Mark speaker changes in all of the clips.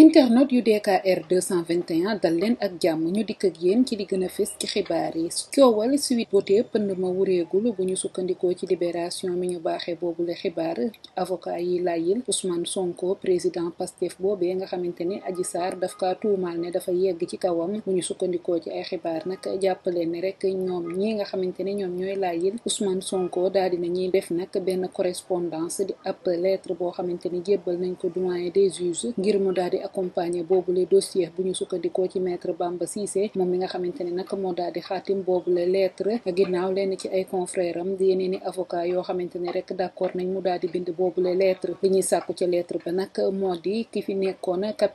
Speaker 1: internet yu DKR 221 dal leen ak jàmm ñu dikk ak yéen ci li gën a ci xibaar yi coowal Sweet Beauté pënd ma wureegul bu ñu sukkandikoo ci libération mi ñu baaxee boobu la xibaar avocat yi layil Ousmane Sonko président Pastef boobee nga xamante aji saar Sarr daf kaa tuumaal ne dafa yegg ci kawam bu ñu sukkandikoo ci ay xibaar nag jàppale ne rek ñoom ñi nga xamante ne ñoom ñooy layil Ousmane Sonko daal dina ñuy def nag benn correspondance di ab lettre boo xamante ni jébbal nañ ko doyen des ngir accompagner boobu le dossier bu ñu sukkandikoo ci maître Bamba Cissé moom mi nga xamante ne nag moo daal di xaatim boobu le lettre ginnaaw lenn ci ay confrères am di yeneen i avocat yoo xamante ne rek d'accord nañ mu daal bind boobu le lettre li sàkku ca lettre ba nag moo di ki fi nekkoon ca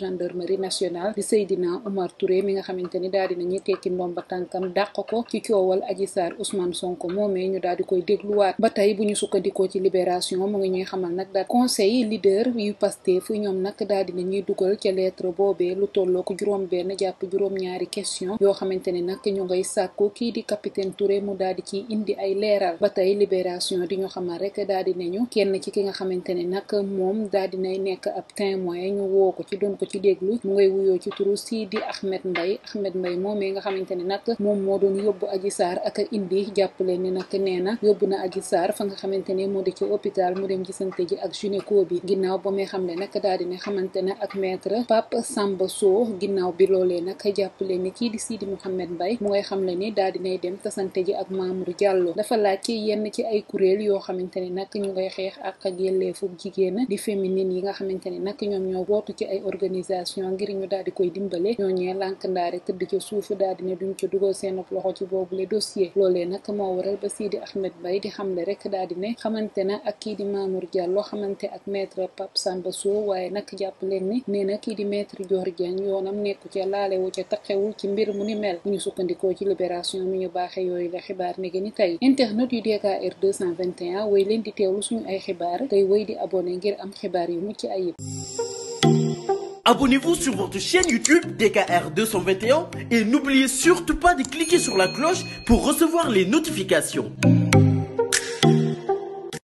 Speaker 1: gendarmerie nationale di Seydina Oumar Touré mi nga xamante ni daal di nañu tekki tànkam dàq ko ci coowal Adji Sarr Ousmane Sonko moomee ñu daal koy dégluwaat ne ñuy dugal ca leetre boobee lu tolloo ko juróom benn jàpp juróom ñaari question yoo xamante ne nag ñu ngay sàkku kii di capitaine Touré mu daal di ci indi ay leeral ba tey libération di ñu xamal rek daal di nañu kenn ci ki nga xamante ne nag moom daal di nay nekk ab témoin ñu woo ko ci doon ko ci déglu mu ngay wuyoo ci turu Sidi Ahmed Mbaye Ahmed Mbaye moomee nga xamante ne nag moom moo doon yóbbu Adji Sarr ak indi jàppale ne nag nee na yóbbu na Adji Sarr fa nga xamante ne moo di ci hôpital mu dem gisante ji ak gynéco bi ginnaaw ba may xam ne nag daal ne xamante na ak maître Pape Samba Sow ginnaaw bi loolee nag jàppale ni kii di Sidi Mouhamed Mbaye mooy xam le ni daal dinay dem tasante ji ak Mamour Diallo dafa laaj ci yenn ci ay kuréel yoo xamante ne nag ñu ngay xeex ak ak yelleefu jigéen di féminine yi nga xamante ne nag ñoom ñoo wootu ci ay organisation ngir ñu daal di koy dimbale ñoo ñee lànk ndaare tëdd ca suufu daal di ne duñ ca dugal seen loxo ci boobu boobule dossier loolee nag moo waral ba Sidi Ahmed Mbaye di xamle rek daal di ne xamante na ak kii di Mamour Diallo xamante ak maître Pape Samba Sow rek ni nee na kii di maître Dior Diagne yoonam nekku ca laalewu ca taqewul ci mbir mu ni mel bu ñu sukkandikoo ci libération mi ñu baaxee yooyu la xibaar ne ni tey internet yu DKR 221 wéy leen di teewlu suñu ay xibaar tey wéy di abonné ngir am xibaar yu mucc ayib.
Speaker 2: Abonnez-vous sur votre chaîne YouTube DKR 221 et n'oubliez surtout pas de cliquer sur la cloche pour recevoir les notifications.